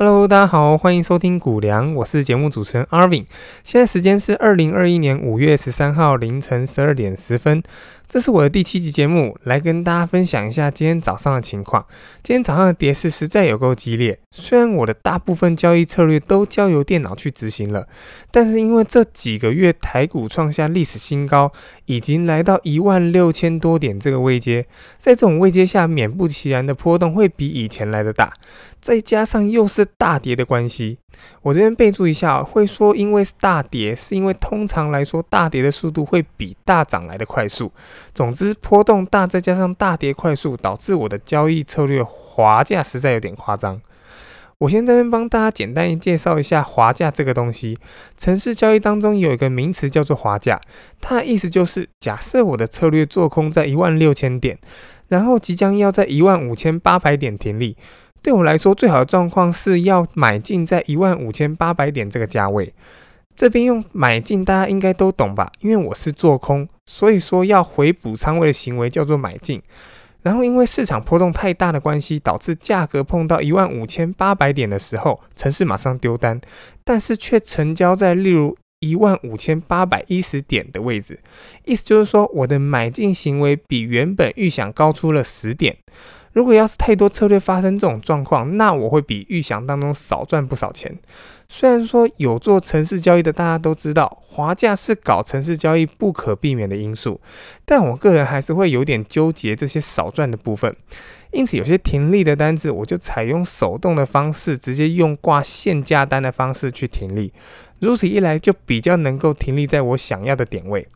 Hello，大家好，歡迎收聽股量，我是節目主持人 Arvin。現在時間是二零二一年五月十三號凌晨十二點十分，這是我的第七集節目，來跟大家分享一下今天早上的情況。今天早上的跌勢實在有夠激烈，雖然我的大部分交易策略都交由電腦去執行了，但是因為這幾個月台股創下歷史新高，已經來到一萬六千多點這個位階，在這種位階下，免不其然的波動會比以前來得大，再加上又是大跌的關係，我這邊備注一下喔，會說因為是大跌，是因為通常來說，大跌的速度會比大漲來的快速。總之，波動大再加上大跌快速，導致我的交易策略滑價實在有點誇張。我先在這邊幫大家簡單介紹一下滑價這個東西。程式交易當中有一個名詞叫做滑價，它的意思就是假設我的策略做空在一萬六千點，然後即將要在一萬五千八百點停利。對我來說，最好的狀況是要買進在一萬五千八百點這個價位。這邊用買進，大家應該都懂吧？因為我是做空，所以說要回補倉位的行為叫做買進。然後，因為市場波動太大的關係，導致價格碰到一萬五千八百點的時候，程式馬上丟單，但是卻成交在例如一萬五千八百一十點的位置。意思就是說，我的買進行為比原本預想高出了十點。如果要是太多策略發生這種狀況，那我會比預想當中少賺不少錢。雖然說有做程式交易的，大家都知道，滑價是搞程式交易不可避免的因素，但我個人還是會有點糾結這些少賺的部分。因此，有些停利的單子，我就採用手動的方式，直接用掛限價單的方式去停利。如此一來，就比較能夠停利在我想要的點位。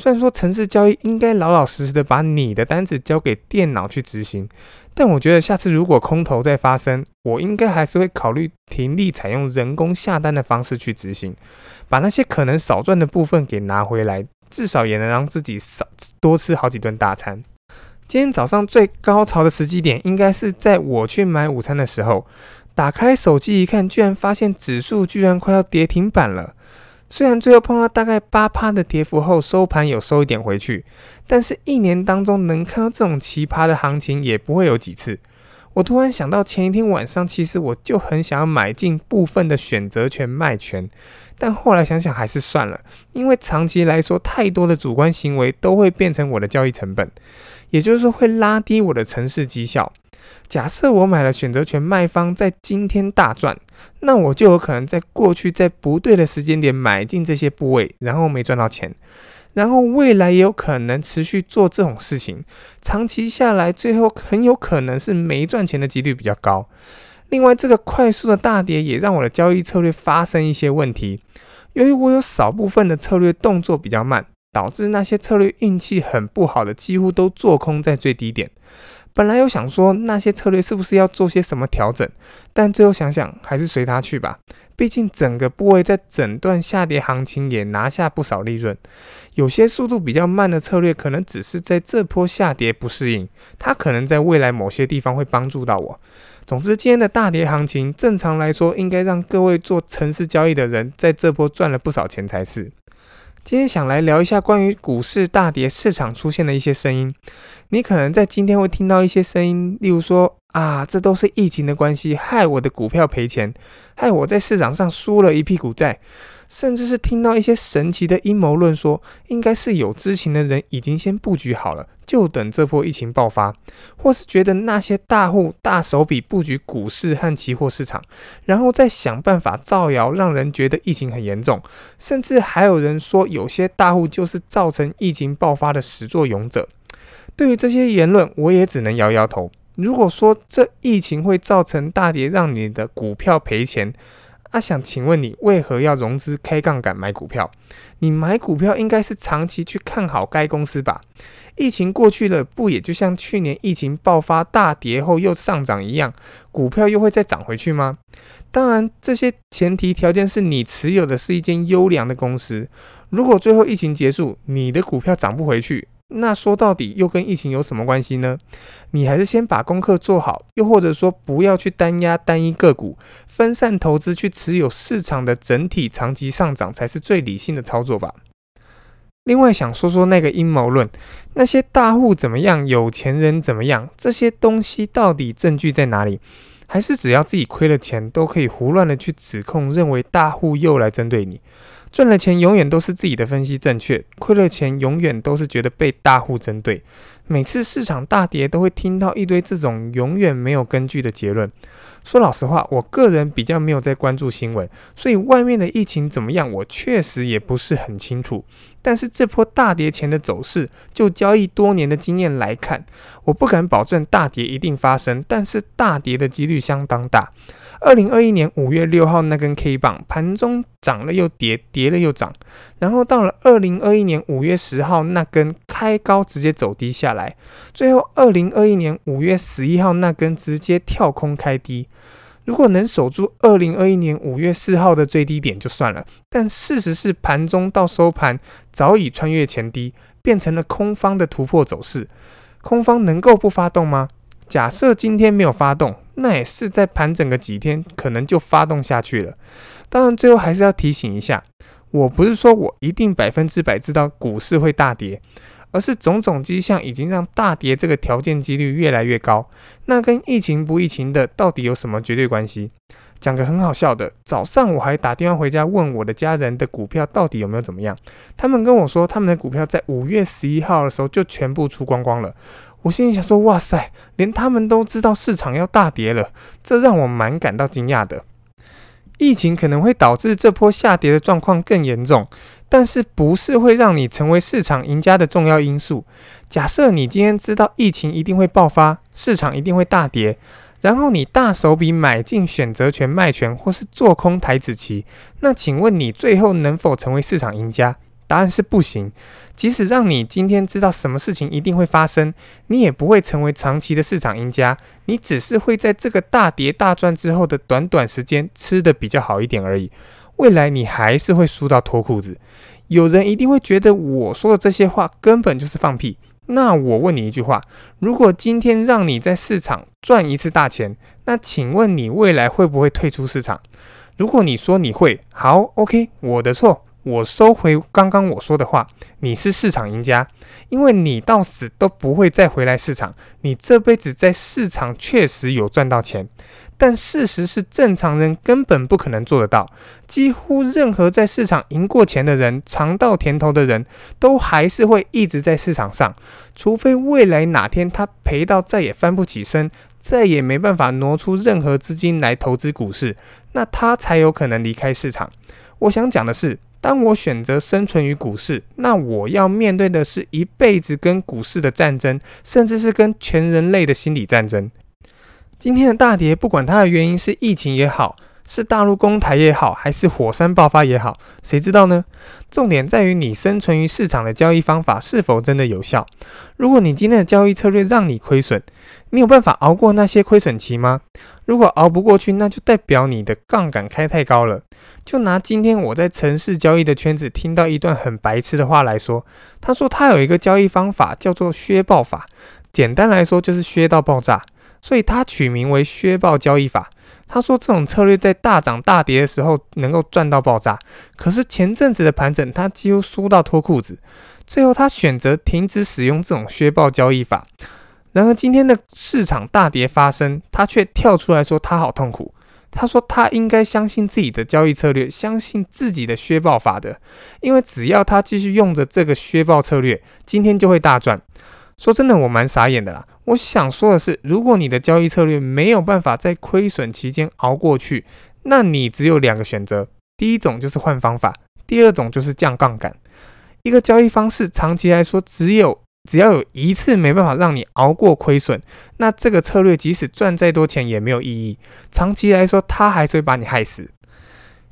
雖然說程式交易應該老老實實的把你的單子交給電腦去執行，但我覺得下次如果空頭再發生，我應該還是會考慮停利，採用人工下單的方式去執行，把那些可能少賺的部分給拿回來，至少也能讓自己少多吃好幾頓大餐。今天早上最高潮的時機點，應該是在我去買午餐的時候，打開手機一看，居然發現指數居然快要跌停板了。雖然最後碰到大概八趴的跌幅後，收盤有收一點回去，但是一年當中能看到這種奇葩的行情也不會有幾次。我突然想到前一天晚上，其實我就很想要買進部分的選擇權賣權，但後來想想還是算了，因為長期來說，太多的主觀行為都會變成我的交易成本，也就是說會拉低我的程式績效。假設我買了選擇權，賣方在今天大賺，那我就有可能在過去在不對的時間點買進這些部位，然後沒賺到錢，然後未來也有可能持續做這種事情，長期下來，最後很有可能是沒賺錢的幾率比較高。另外，這個快速的大跌也讓我的交易策略發生一些問題，由於我有少部分的策略動作比較慢，導致那些策略運氣很不好的幾乎都做空在最低點。本來有想說那些策略是不是要做些什麼調整，但最後想想還是隨它去吧。畢竟整個部位在整段下跌行情也拿下不少利潤。有些速度比較慢的策略可能只是在這波下跌不適應，它可能在未來某些地方會幫助到我。總之，今天的大跌行情，正常來說應該讓各位做程式交易的人在這波賺了不少錢才是。今天想來聊一下關於股市大跌，市場出現的一些聲音。你可能在今天會聽到一些聲音，例如說啊，這都是疫情的關係，害我的股票賠錢，害我在市場上輸了一屁股債。甚至是聽到一些神奇的陰謀論說，說應該是有知情的人已經先布局好了，就等這波疫情爆發；或是覺得那些大戶大手筆布局股市和期貨市場，然後再想辦法造謠，讓人覺得疫情很嚴重。甚至還有人說，有些大戶就是造成疫情爆發的始作俑者。對於這些言論，我也只能搖搖頭。如果說這疫情會造成大跌，讓你的股票賠錢。阿、啊、想請問你，為何要融資開槓桿買股票？你買股票應該是長期去看好該公司吧？疫情過去了，不也就像去年疫情爆發大跌後又上漲一樣，股票又會再漲回去嗎？當然，這些前提條件是你持有的是一間優良的公司。如果最後疫情結束，你的股票漲不回去？那說到底又跟疫情有什麼關係呢？你還是先把功課做好，又或者說不要去單押單一個股，分散投資去持有市場的整體長期上漲才是最理性的操作吧。另外想說說那個陰謀論，那些大戶怎麼樣，有錢人怎麼樣，這些東西到底證據在哪裡？還是只要自己虧了錢都可以胡亂的去指控，認為大戶又來針對你？賺了錢永遠都是自己的分析正確，虧了錢永遠都是覺得被大戶針對。每次市場大跌都會聽到一堆這種永遠沒有根據的結論。說老實話，我個人比較沒有在關注新聞，所以外面的疫情怎麼樣，我確實也不是很清楚。但是這波大跌前的走勢，就交易多年的經驗來看，我不敢保證大跌一定發生，但是大跌的幾率相當大。二零二一年五月六號那根 K 棒，盤中漲了又跌，跌了又漲，然後到了二零二一年五月十號那根開高直接走低下來，最後二零二一年五月十一號那根直接跳空開低。如果能守住二零二一年五月四號的最低點就算了，但事實是盤中到收盤早已穿越前低，變成了空方的突破走勢。空方能夠不發動嗎？假設今天沒有發動，那也是再盤整個幾天，可能就發動下去了。當然，最後還是要提醒一下，我不是說我一定百分之百知道股市會大跌。而是種種跡象已經讓大跌這個條件幾率越來越高。那跟疫情不疫情的到底有什麼絕對關係？講個很好笑的，早上我還打電話回家問我的家人的股票到底有沒有怎麼樣，他們跟我說他們的股票在五月十一號的時候就全部出光光了。我心裡想說，哇塞，連他們都知道市場要大跌了，這讓我蠻感到驚訝的。疫情可能會導致這波下跌的狀況更嚴重。但是不是會讓你成為市場贏家的重要因素。假設你今天知道疫情一定會爆發，市場一定會大跌，然後你大手筆買進選擇權賣權或是做空台指期，那請問你最後能否成為市場贏家？答案是不行。即使讓你今天知道什麼事情一定會發生，你也不會成為長期的市場贏家，你只是會在這個大跌大賺之後的短短時間吃得比較好一點而已。未來你還是會輸到脫褲子。有人一定會覺得我說的這些話根本就是放屁。那我問你一句話：如果今天讓你在市場賺一次大錢，那請問你未來會不會退出市場？如果你說你會，好，OK，我的錯。我收回剛剛我說的話，你是市場贏家，因為你到死都不會再回來市場。你這輩子在市場確實有賺到錢，但事實是正常人根本不可能做得到。幾乎任何在市場贏過錢的人，嘗到甜頭的人，都還是會一直在市場上，除非未來哪天他賠到再也翻不起身，再也沒辦法挪出任何資金來投資股市，那他才有可能離開市場。我想講的是，當我選擇生存於股市，那我要面對的是一輩子跟股市的戰爭，甚至是跟全人類的心理戰爭。今天的大跌，不管它的原因是疫情也好。是大陸攻台也好，還是火山爆發也好，誰知道呢？重點在於你生存於市場的交易方法是否真的有效。如果你今天的交易策略讓你虧損，你有辦法熬過那些虧損期嗎？如果熬不過去，那就代表你的槓桿開太高了。就拿今天我在程式交易的圈子聽到一段很白痴的話來說，他說他有一個交易方法叫做“削爆法”，簡單來說就是削到爆炸，所以他取名為“削爆交易法”。他說這種策略在大漲大跌的時候能夠賺到爆炸，可是前陣子的盤整他幾乎輸到脫褲子，最後他選擇停止使用這種削爆交易法。然而今天的市場大跌發生，他卻跳出來說他好痛苦。他說他應該相信自己的交易策略，相信自己的削爆法的，因為只要他繼續用着這個削爆策略，今天就會大賺。說真的，我蠻傻眼的啦。我想說的是，如果你的交易策略沒有辦法在虧損期間熬過去，那你只有兩個選擇：第一種就是換方法，第二種就是降槓桿。一個交易方式長期來說，只有只要有一次沒辦法讓你熬過虧損，那這個策略即使賺再多錢也沒有意義。長期來說，它還是會把你害死。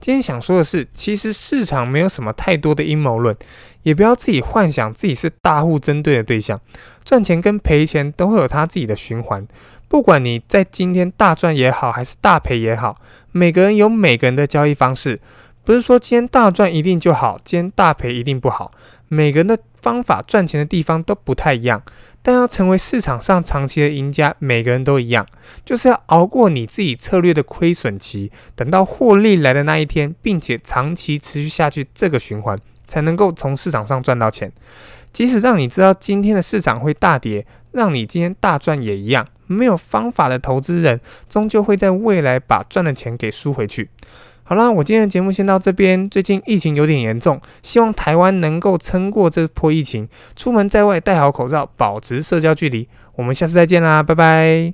今天想說的是，其實市場沒有什麼太多的陰謀論，也不要自己幻想自己是大戶針對的對象。賺錢跟賠錢都會有他自己的循環，不管你在今天大賺也好，還是大賠也好，每個人有每個人的交易方式，不是說今天大賺一定就好，今天大賠一定不好，每個人的。方法賺錢的地方都不太一樣，但要成為市場上長期的贏家，每個人都一樣，就是要熬過你自己策略的虧損期，等到獲利來的那一天，並且長期持續下去這個循環，才能夠從市場上賺到錢。即使讓你知道今天的市場會大跌，讓你今天大賺也一樣，沒有方法的投資人，終究會在未來把賺的錢給輸回去。好啦，我今天的節目先到這邊。最近疫情有點嚴重，希望台灣能夠撐過這波疫情。出門在外戴好口罩，保持社交距離。我們下次再見啦，拜拜。